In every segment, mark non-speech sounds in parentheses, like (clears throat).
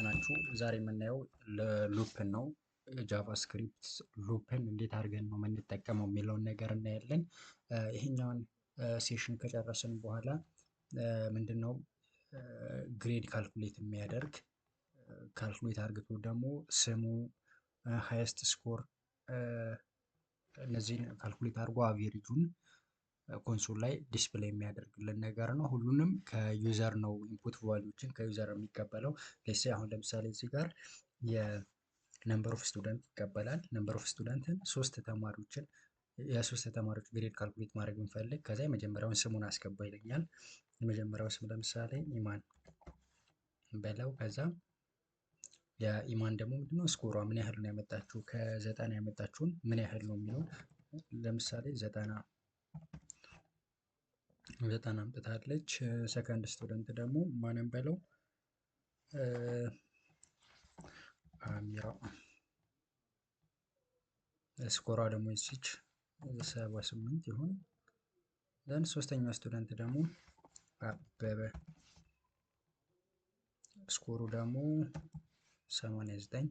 እንዴት ናችሁ? ዛሬ የምናየው ለሉፕን ነው። ጃቫስክሪፕት ሉፕን እንዴት አድርገን ነው የምንጠቀመው የሚለውን ነገር እናያለን። ይሄኛውን ሴሽን ከጨረስን በኋላ ምንድን ነው ግሬድ ካልኩሌት የሚያደርግ ካልኩሌት አድርግቶ ደግሞ ስሙ ሃይስት ስኮር እነዚህን ካልኩሌት አድርጎ አቬሬጁን ኮንሶል ላይ ዲስፕሌይ የሚያደርግልን ነገር ነው። ሁሉንም ከዩዘር ነው ኢንፑት ቫልዩዎችን ከዩዘር የሚቀበለው። ሌሳ አሁን ለምሳሌ እዚህ ጋር የነምበር ኦፍ ስቱደንት ይቀበላል። ነምበር ኦፍ ስቱደንትን ሶስት ተማሪዎችን የሶስት ተማሪዎች ግሬድ ካልኩሌት ማድረግ ብንፈልግ ከዛ የመጀመሪያውን ስሙን አስገባ ይለኛል። የመጀመሪያው ስም ለምሳሌ ኢማን በለው ከዛ የኢማን ደግሞ ምንድነው ስኮሯ ምን ያህል ነው ያመጣችሁ ከዘጠና ያመጣችሁን ምን ያህል ነው የሚለውን ለምሳሌ ዘጠና ዘጠና አምጥታለች። ሰከንድ ስቱደንት ደግሞ ማንም በለው አሚራ። ስኮሯ ደግሞ ይቺ ሰባ ስምንት ይሁን ዘንድ ሶስተኛው ስቱደንት ደግሞ አበበ ስኮሩ ደግሞ 89።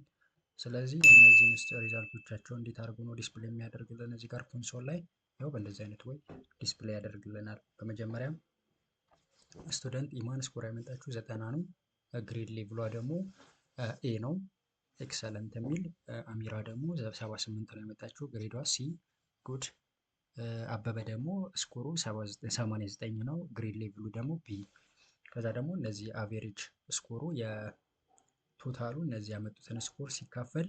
ስለዚህ እነዚህን ሪዛልቶቻቸው እንዴት አድርጎ ነው ዲስፕሌይ የሚያደርግልን እዚህ ጋር ኮንሶል ላይ ያው በእንደዚህ አይነት ወይ ዲስፕሌይ ያደርግልናል። በመጀመሪያም ስቱደንት ኢማን ስኮር ያመጣችሁ ዘጠና ነው። ግሬድ ሌቭሏ ደግሞ ኤ ነው። ኤክሰለንት የሚል አሚራ ደግሞ ሰባ ስምንት ነው ያመጣችሁ ግሬዷ ሲ ጉድ። አበበ ደግሞ ስኮሩ ሰማንያ ዘጠኝ ነው። ግሬድ ሌቭሉ ደግሞ ቢ። ከዛ ደግሞ እነዚህ አቬሬጅ ስኮሩ የቶታሉ እነዚህ ያመጡትን ስኮር ሲካፈል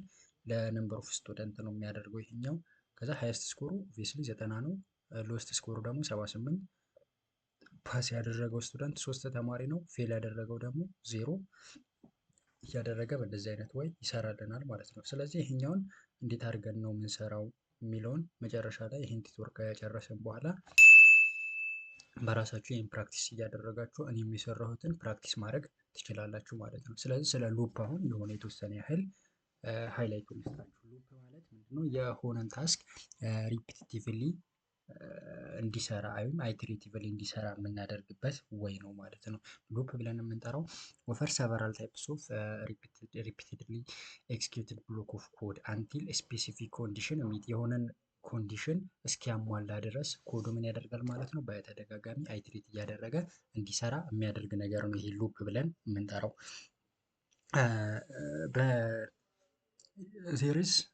ለነምበር ኦፍ ስቱደንት ነው የሚያደርገው ይሄኛው። ከዛ ሃይስት ስኮሩ ኦብቪየስሊ ዘጠና ነው። ሎስት ስኮሩ ደግሞ ሰባ ፓስ ያደረገው ስቱደንት ሶስት ተማሪ ነው። ፌል ያደረገው ደግሞ ዜሮ እያደረገ በእንደዚህ አይነት ወይ ይሰራልናል ማለት ነው። ስለዚህ ይህኛውን እንዴት አድርገን ነው የምንሰራው የሚለውን መጨረሻ ላይ ይህን ቲትወርክ ያጨረስን በኋላ በራሳችሁ ይህን ፕራክቲስ እያደረጋችሁ እኔ የሚሰራሁትን ፕራክቲስ ማድረግ ትችላላችሁ ማለት ነው። ስለዚህ ስለ ሉፕ አሁን የሆነ የተወሰነ ያህል ሃይላይት ልስጣችሁ። ሉፕ ማለት ነው? የሆነን ታስክ ሪፒቲቲቭሊ እንዲሰራ ወይም አይትሬቲቭሊ እንዲሰራ የምናደርግበት ወይ ነው ማለት ነው። ሉፕ ብለን የምንጠራው ወፈር ሰቨራል ታይፕስ ኦፍ ሪፒቲድሊ ኤክስኪዩትድ ብሎክ ኦፍ ኮድ አንቲል ስፔሲፊክ ኮንዲሽን ሚት የሆነን ኮንዲሽን እስኪያሟላ ድረስ ኮዱ ምን ያደርጋል ማለት ነው። በተደጋጋሚ አይትሬት እያደረገ እንዲሰራ የሚያደርግ ነገር ነው ይሄ ሉፕ ብለን የምንጠራው። These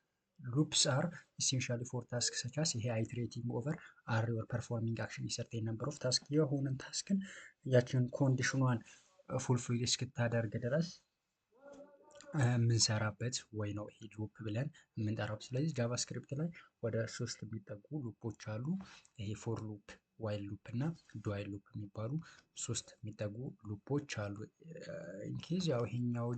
loops are essential for tasks such as ይሄ iterating over are your performing action is certain number of task የሆነን ታስክን ያችን ኮንዲሽኗን ፉልፊል እስክታደርግ ድረስ የምንሰራበት ወይ ነው ይሄ ሉፕ ብለን የምንጠራው። ስለዚህ ጃቫስክሪፕት ላይ ወደ ሶስት የሚጠጉ ሉፖች አሉ። ይሄ ፎር ሉፕ፣ ዋይል ሉፕ እና ዱ ሉፕ የሚባሉ ሶስት የሚጠጉ ሉፖች አሉ። ኢንኬዝ ያው ይሄኛው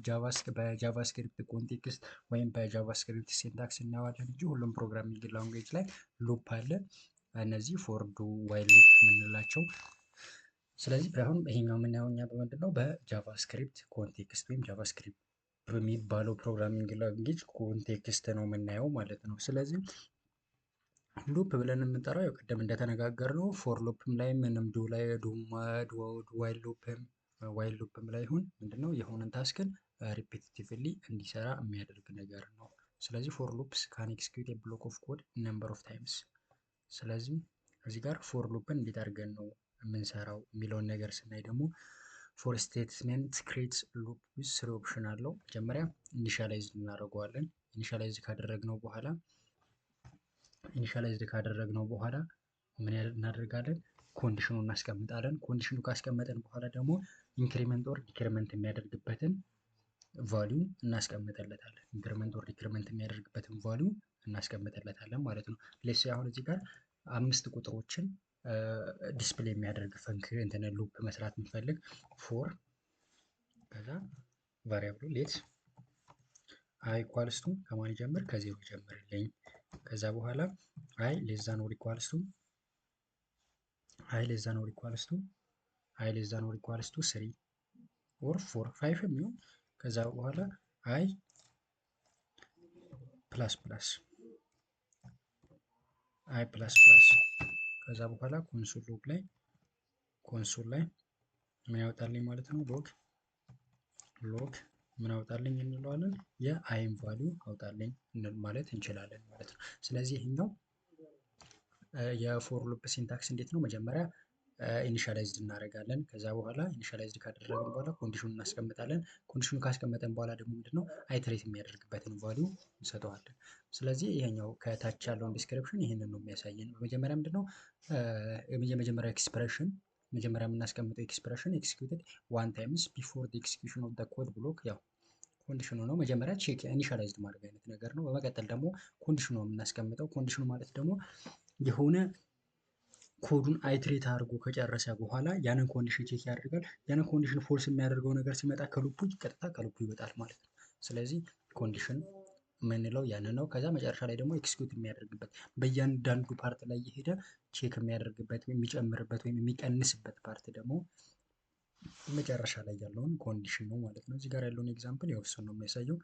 በጃቫስክሪፕት ኮንቴክስት ወይም በጃቫስክሪፕት ሲንታክስ እናየዋለን እንጂ ሁሉም ፕሮግራሚንግ ላንጉጅ ላይ ሉፕ አለ። እነዚህ ፎርዱ ዋይል ሉፕ የምንላቸው ስለዚህ አሁን ይሄኛው የምናየው እኛ በምንድን ነው በጃቫስክሪፕት ኮንቴክስት ወይም ጃቫስክሪፕት በሚባለው ፕሮግራሚንግ ላንጉጅ ኮንቴክስት ነው የምናየው ማለት ነው። ስለዚህ ሉፕ ብለን የምንጠራው ያው ቅድም እንደተነጋገርነው ፎር ሉፕም ላይ ምንም ዱ ላይ ዱ ዋይል ሉፕም ዋይል ሉፕም ላይ ይሁን ምንድነው የሆነን ታስክን ሪፒቲቲቭሊ እንዲሰራ የሚያደርግ ነገር ነው። ስለዚህ ፎር ሉፕስ ካን ኤክስኪዩት ብሎክ ኦፍ ኮድ ነምበር ኦፍ ታይምስ። ስለዚህ እዚህ ጋር ፎር ሉፕን እንዴት አድርገን ነው የምንሰራው የሚለውን ነገር ስናይ ደግሞ ፎር ስቴትመንት ክሬትስ ሉፕ ዊዝ ስሪ ኦፕሽን አለው። መጀመሪያ ኢኒሻላይዝድ እናደርገዋለን። ኢኒሻላይዝ ካደረግነው በኋላ ኢኒሻላይዝ ካደረግነው በኋላ ምን እናደርጋለን ኮንዲሽኑ እናስቀምጣለን። ኮንዲሽኑ ካስቀመጠን በኋላ ደግሞ ኢንክሪመንት ኦር ዲክሪመንት የሚያደርግበትን ቫሊዩ እናስቀምጠለታለን። ኢንክሪመንት ኦር ዲክሪመንት የሚያደርግበትን ቫሊዩ እናስቀምጠለታለን ማለት ነው። ሌስ አሁን እዚህ ጋር አምስት ቁጥሮችን ዲስፕሌይ የሚያደርግ ፈንክ እንትን ሉፕ መስራት የምንፈልግ ፎር ከዛ ቫሪያብሉ ሌት አይ ኳልስቱ ከማን ጀምር ከዜሮ ይጀምርልኝ። ከዛ በኋላ አይ ሌዛን ኦር ኢኳልስቱ ኃይል is not equals to ኃይል is ኦር equals to 3 or 4 5 የሚሆን ከዛ በኋላ አይ ፕላስ ፕላስ አይ ፕላስ ፕላስ ከዛ በኋላ ኮንሶል ሎግ ላይ ኮንሶል ላይ ምን ያወጣልኝ ማለት ነው ሎግ ሎግ ምን አውጣልኝ እንለዋለን የአይም ቫሊዩ አውጣልኝ ማለት እንችላለን ማለት ነው። ስለዚህ ይሄኛው የፎር ሉፕ ሲንታክስ እንዴት ነው? መጀመሪያ ኢኒሻላይዝድ እናደርጋለን። ከዛ በኋላ ኢኒሻላይዝድ ካደረግን በኋላ ኮንዲሽኑን እናስቀምጣለን። ኮንዲሽኑን ካስቀመጠን በኋላ ደግሞ ምንድነው አይትሬት የሚያደርግበትን ቫሊዩ እንሰጠዋለን። ስለዚህ ይሄኛው ከታች ያለውን ዲስክሪፕሽን ይህንን ነው የሚያሳየን። በመጀመሪያ ምንድነው የመጀመሪያ ኤክስፕሬሽን መጀመሪያ የምናስቀምጠው ኤክስፕሬሽን ኤክስኪዩትድ ዋን ታይምስ ቢፎር ኤክስኪዩሽን ኦፍ ኮድ ብሎክ ያው ኮንዲሽኑ ነው። መጀመሪያ ቼክ ኢኒሻላይዝድ ማድረግ አይነት ነገር ነው። በመቀጠል ደግሞ ኮንዲሽኑ ነው የምናስቀምጠው። ኮንዲሽኑ ማለት ደግሞ የሆነ ኮዱን አይትሬት አድርጎ ከጨረሰ በኋላ ያንን ኮንዲሽን ቼክ ያደርጋል። ያንን ኮንዲሽን ፎልስ የሚያደርገው ነገር ሲመጣ ከሉፑ ቀጥታ ከሉፑ ይወጣል ማለት ነው። ስለዚህ ኮንዲሽን የምንለው ያንን ነው። ከዛ መጨረሻ ላይ ደግሞ ኤክስኪዩት የሚያደርግበት በእያንዳንዱ ፓርት ላይ የሄደ ቼክ የሚያደርግበት ወይም የሚጨምርበት ወይም የሚቀንስበት ፓርት ደግሞ መጨረሻ ላይ ያለውን ኮንዲሽን ነው ማለት ነው። እዚህ ጋር ያለውን ኤግዛምፕል የወሰን ነው የሚያሳየው።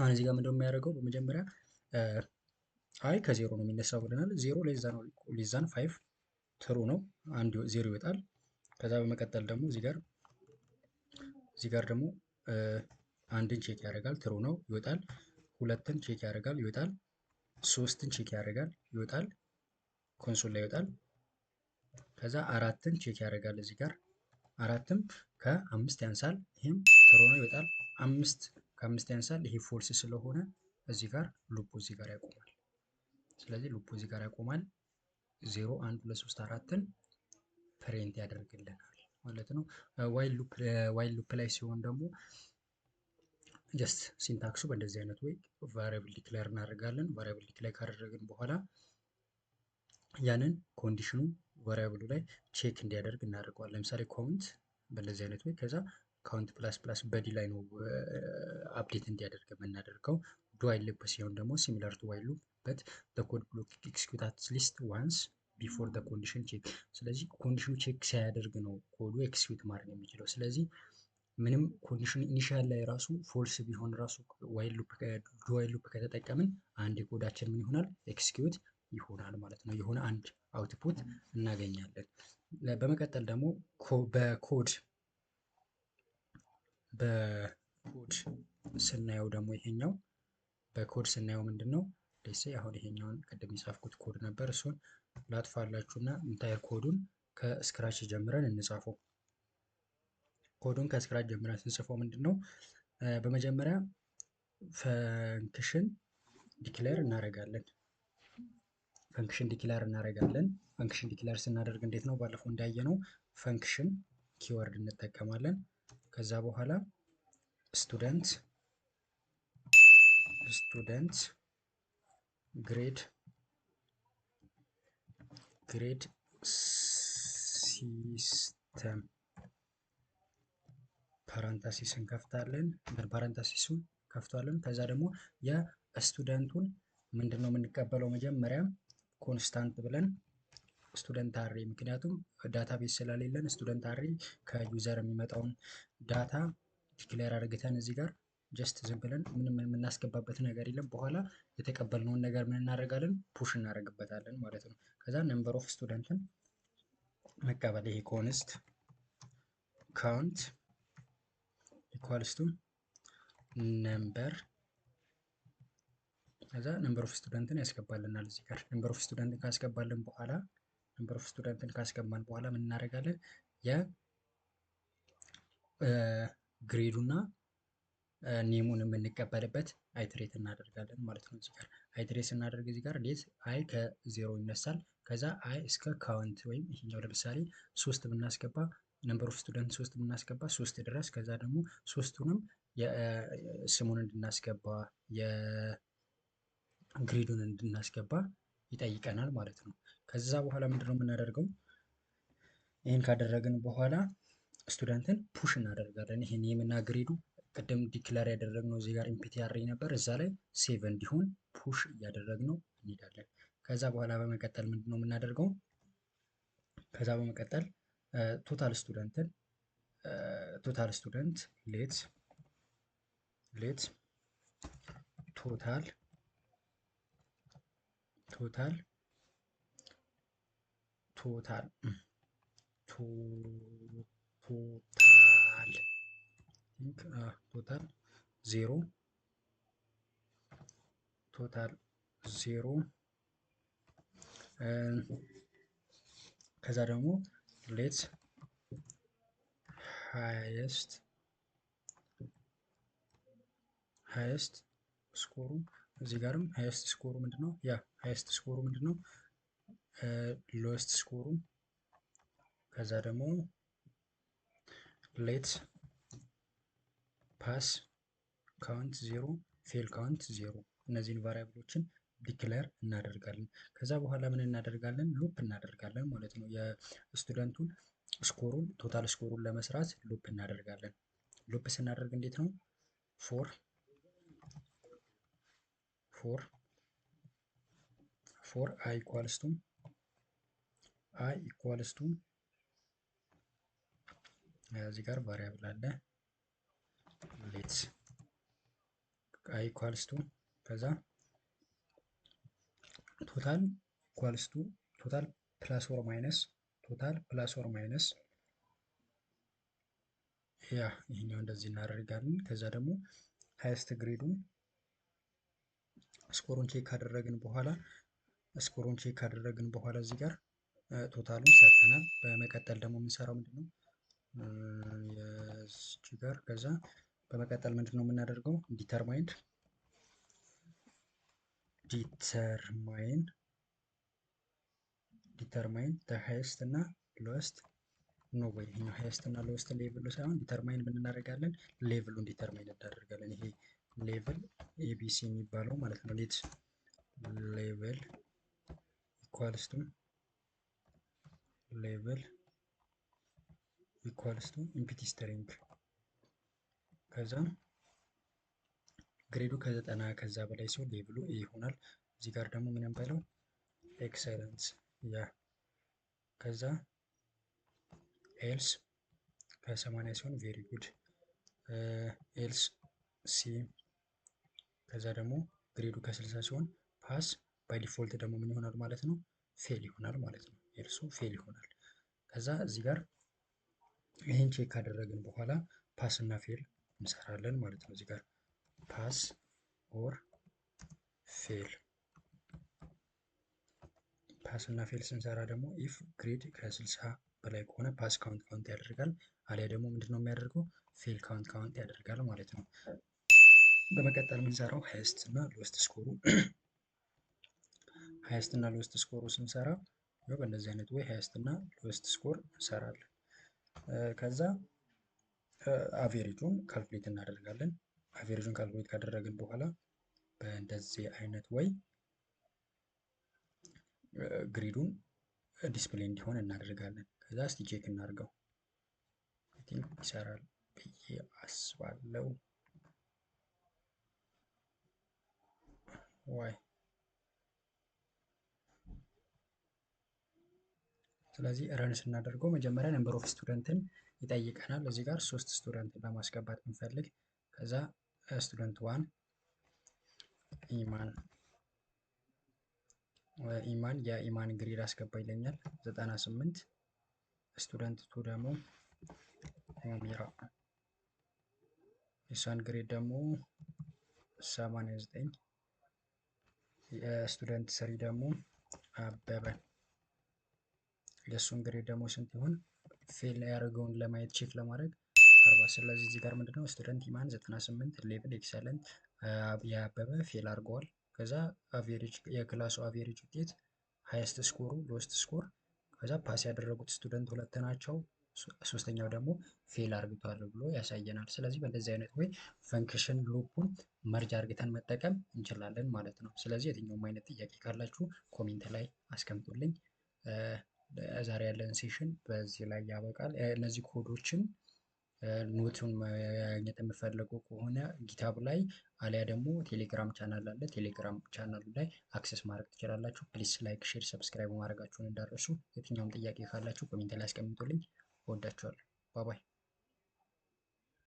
አሁን እዚህ ጋር ምንድነው የሚያደርገው በመጀመሪያ አይ ከዜሮ ነው የሚነሳው ብለናል። ዜሮ ሌዛን ፋይቭ ትሩ ነው። አንድ ዜሮ ይወጣል። ከዛ በመቀጠል ደግሞ እዚህ ጋር እዚህ ጋር ደግሞ አንድን ቼክ ያደርጋል። ትሩ ነው ይወጣል። ሁለትን ቼክ ያደርጋል ይወጣል። ሶስትን ቼክ ያደርጋል ይወጣል። ኮንሶል ላይ ይወጣል። ከዛ አራትን ቼክ ያደርጋል እዚህ ጋር አራትም ከአምስት ያንሳል። ይህም ትሩ ነው ይወጣል። አምስት ከአምስት ያንሳል። ይሄ ፎልስ ስለሆነ እዚህ ጋር ሉፑ እዚህ ጋር ያቆማል። ስለዚህ ሉፑ እዚህ ጋር ያቆማል። ዜሮ አንድ ሁለት ሶስት አራትን ፕሪንት ያደርግልናል ማለት ነው። ዋይል ሉፕ ላይ ሲሆን ደግሞ ጀስት ሲንታክሱ በእንደዚህ አይነት ወይ ቫሪያብል ዲክሌር እናደርጋለን። ቫሪያብል ዲክሌር ካደረግን በኋላ ያንን ኮንዲሽኑ ቫሪያብሉ ላይ ቼክ እንዲያደርግ እናደርገዋል። ለምሳሌ ካውንት በእንደዚህ አይነት ወይ ከዛ ካውንት ፕላስ ፕላስ በዲ ላይ ነው አፕዴት እንዲያደርግ የምናደርገው ዋይል ሉፕ ሲሆን ደግሞ ሲሚለር ቱ ዋይል ሉፕ በት ኮድ ብሎክ ኤክስኪዩት አት ሊስት ዋንስ ቢፎር ኮንዲሽን ቼክ። ስለዚህ ኮንዲሽኑ ቼክ ሳያደርግ ነው ኮዱ ኤክስኪዩት ማድረግ የሚችለው። ስለዚህ ምንም ኮንዲሽኑ ኢኒሻል ላይ ራሱ ፎልስ ቢሆን ራሱ ዋይል ሉፕ ከተጠቀምን አንድ ኮዳችን ምን ይሆናል ኤክስኪዩት ይሆናል ማለት ነው። የሆነ አንድ አውትፑት እናገኛለን። በመቀጠል ደግሞ በኮድ በኮድ ስናየው ደግሞ ይሄኛው በኮድ ስናየው ምንድን ነው ደሴ አሁን ይሄኛውን ቅድም የጻፍኩት ኮድ ነበር። እሱን ላጥፋላችሁና ኢንታየር ኮዱን ከስክራች ጀምረን እንጻፈው። ኮዱን ከስክራች ጀምረን ስንጽፈው ምንድን ነው በመጀመሪያ ፈንክሽን ዲክለር እናደርጋለን። ፈንክሽን ዲክለር እናደርጋለን። ፈንክሽን ዲክለር ስናደርግ እንዴት ነው ባለፈው እንዳየ ነው ፈንክሽን ኪወርድ እንጠቀማለን። ከዛ በኋላ ስቱደንት ስቱደንትስ ግሬድ ግሬድ ሲስተም ፓራንታሲስ እንከፍታለን። ፓራንታሲሱን ከፍቷለን። ከዛ ደግሞ የስቱደንቱን ምንድን ነው የምንቀበለው? መጀመሪያ ኮንስታንት ብለን ስቱደንት አሬ፣ ምክንያቱም ዳታቤዝ ስለሌለን ስቱደንት አሬ ከዩዘር የሚመጣውን ዳታ ዲክሌር አድርገን እዚህ ጋር ጀስት ዝም ብለን ምንም የምናስገባበት ነገር የለም። በኋላ የተቀበልነውን ነገር ምን እናደርጋለን? ፑሽ እናደርግበታለን ማለት ነው። ከዛ ነምበር ኦፍ ስቱደንትን መቀበል ይሄ ኮንስት ካውንት ኢኳልስ ቱ ነምበር ከዛ ነምበር ኦፍ ስቱደንትን ያስገባልናል እዚህ ጋር ነምበር ኦፍ ስቱደንትን ካስገባልን በኋላ ነምበር ኦፍ ስቱደንትን ካስገባን በኋላ ምን እናደርጋለን የግሬዱና ኔሙን የምንቀበልበት አይትሬት እናደርጋለን ማለት ነው። እዚህ ጋር አይትሬት ስናደርግ እዚህ ጋር ሌት አይ ከዜሮ ይነሳል። ከዛ አይ እስከ ካውንት ወይም ይሄኛው ለምሳሌ ሶስት ብናስገባ ነምበር ኦፍ ስቱደንት ሶስት ብናስገባ ሶስት ድረስ ከዛ ደግሞ ሶስቱንም ስሙን እንድናስገባ የግሪዱን እንድናስገባ ይጠይቀናል ማለት ነው። ከዛ በኋላ ምንድነው የምናደርገው? ይህን ካደረግን በኋላ ስቱደንትን ፑሽ እናደርጋለን። ይሄን የምና ግሪዱ ቅድም ዲክለር ያደረግነው እዚህ ጋር ኢምፒቲ ያረኝ ነበር። እዛ ላይ ሴቭ እንዲሆን ፑሽ እያደረግነው እንሄዳለን። ከዛ በኋላ በመቀጠል ምንድን ነው የምናደርገው? ከዛ በመቀጠል ቶታል ስቱደንትን ቶታል ስቱደንት ሌት ሌት ቶታል ቶታል ቶታል ቶታል ቶታል ዜሮ ቶታል ዜሮ ከዛ ደግሞ ሌት ሃይስት ሃይስት ስኮሩ እዚህ ጋርም ሃይስት ስኮሩ ምንድን ነው? ያ ሃይስት ስኮሩ ምንድን ነው? ሎስት ስኮሩ ከዛ ደግሞ ሌት ፓስ ካውንት ዜሮ ፌል ካውንት ዜሮ እነዚህን ቫሪያብሎችን ዲክለር እናደርጋለን። ከዛ በኋላ ምን እናደርጋለን? ሉፕ እናደርጋለን ማለት ነው። የስቱደንቱን ስኮሩን ቶታል ስኮሩን ለመስራት ሉፕ እናደርጋለን። ሉፕ ስናደርግ እንዴት ነው? ፎር ፎር ፎር አይ ኢኳልስ ቱ አይ ኢኳልስ ቱ እዚህ ጋር ቫሪያብል አለ ሌትስ አይ ኢኳልስ ከዛ ቶታል ኢኳልስ ቶታል ፕላስ ኦር ማይነስ ቶታል ፕላስ ኦር ማይነስ ያ ይህኛው እንደዚህ እናደርጋለን። ከዛ ደግሞ ሀይስት ግሬዱን ስኮሩን ቼክ ካደረግን በኋላ ስኮሩን ቼክ ካደረግን በኋላ እዚህ ጋር ቶታሉን ሰርተናል። በመቀጠል ደግሞ የምንሰራው ምንድነው የዚህ ጋር ከዛ በመቀጠል ምንድን ነው የምናደርገው? ዲተርማይንድ ዲተርማይን ዲተርማይን ሃይስት እና ሎስት ኖ ወይ ይሄኛው ሃይስት እና ሎስት ሌቭሉ ሳይሆን ዲተርማይን ምን እናደርጋለን? ሌቭሉን ዲተርማይን እናደርጋለን። ይሄ ሌቭል ኤቢሲ የሚባለው ማለት ነው። ሌት ሌቭል ኢኳልስቱ ሌቭል ኢኳልስቱ ኢምፒቲ ስትሪንግ ከዛ ግሬዱ ከዘጠና ከዛ በላይ ሲሆን ሌብሉ ኤ ይሆናል። እዚህ ጋር ደግሞ ምን እንበለው ኤክሰለንስ ያ ከዛ ኤልስ ከሰማንያ ሲሆን ቬሪ ጉድ ኤልስ ሲ ከዛ ደግሞ ግሬዱ ከስልሳ ሲሆን ፓስ ባይ ዲፎልት ደግሞ ምን ይሆናል ማለት ነው ፌል ይሆናል ማለት ነው። ኤልሱ ፌል ይሆናል። ከዛ እዚህ ጋር ይህን ቼክ ካደረግን በኋላ ፓስ እና ፌል እንሰራለን ማለት ነው። እዚህ ጋር ፓስ ኦር ፌል ፓስ እና ፌል ስንሰራ ደግሞ ኢፍ ግሬድ ከስልሳ በላይ ከሆነ ፓስ ካውንት ካውንት ያደርጋል፣ አሊያ ደግሞ ምንድን ነው የሚያደርገው ፌል ካውንት ካውንት ያደርጋል ማለት ነው። በመቀጠል የምንሰራው ሀያስት እና ሎስት ስኮሩ ሀያስት (clears throat) እና ሎስት ስኮሩ ስንሰራ በእንደዚህ አይነት ወይ ሀያስት እና ሎስት ስኮር እንሰራለን ከዛ አቬሬጁን ካልኩሌት እናደርጋለን። አቬሬጁን ካልኩሌት ካደረግን በኋላ በእንደዚህ አይነት ወይ ግሪዱን ዲስፕሌይ እንዲሆን እናደርጋለን። ከዛ እስቲ ቼክ እናድርገው። ይሰራል ብዬ አስባለው ዋይ ስለዚህ ረን ስናደርገው መጀመሪያ ነምበር ኦፍ ስቱደንትን ይጠይቀናል። እዚህ ጋር ሶስት ስቱደንት ለማስገባት ብንፈልግ ከዛ ስቱደንት ዋን ኢማን ኢማን የኢማን ግሪድ አስገባ ይለኛል 98 ስቱደንት ቱ ደግሞ ሞሚራ የሷን ግሬድ ደግሞ 89 የስቱደንት ስሪ ደግሞ አበበ የእሱን ግሬድ ደግሞ ስንት ይሆን ፌል ያደርገውን ለማየት ቼክ ለማድረግ አርባ ስለዚህ እዚህ ጋር ምንድነው ስቱደንት ኢማን ስምንት ሌቭል ኤክሰለንት ያበበ ፌል አድርገዋል። ከዛ አቬሬጅ የክላሱ አቬሬጅ ውጤት ሀያስት ስኮሩ ሎስት ስኮር ከዛ ፓስ ያደረጉት ስቱደንት ሁለት ናቸው፣ ሶስተኛው ደግሞ ፌል አርግቷል ብሎ ያሳየናል። ስለዚህ በእንደዚህ አይነት ወይ ፈንክሽን ሉፑን መርጅ አርግተን መጠቀም እንችላለን ማለት ነው። ስለዚህ የትኛውም አይነት ጥያቄ ካላችሁ ኮሜንት ላይ አስቀምጡልኝ። ዛሬ ያለን ሴሽን በዚህ ላይ ያበቃል። እነዚህ ኮዶችን ኖቱን ማግኘት የምፈለጉ ከሆነ ጊታብ ላይ አሊያ ደግሞ ቴሌግራም ቻናል አለ። ቴሌግራም ቻናሉ ላይ አክሰስ ማድረግ ትችላላችሁ። ፕሊስ ላይክ፣ ሼር፣ ሰብስክራይብ ማድረጋችሁን እንዳረሱ። የትኛውም ጥያቄ ካላችሁ ኮሜንት ላይ አስቀምጡልኝ። እወዳችኋለሁ። ባባይ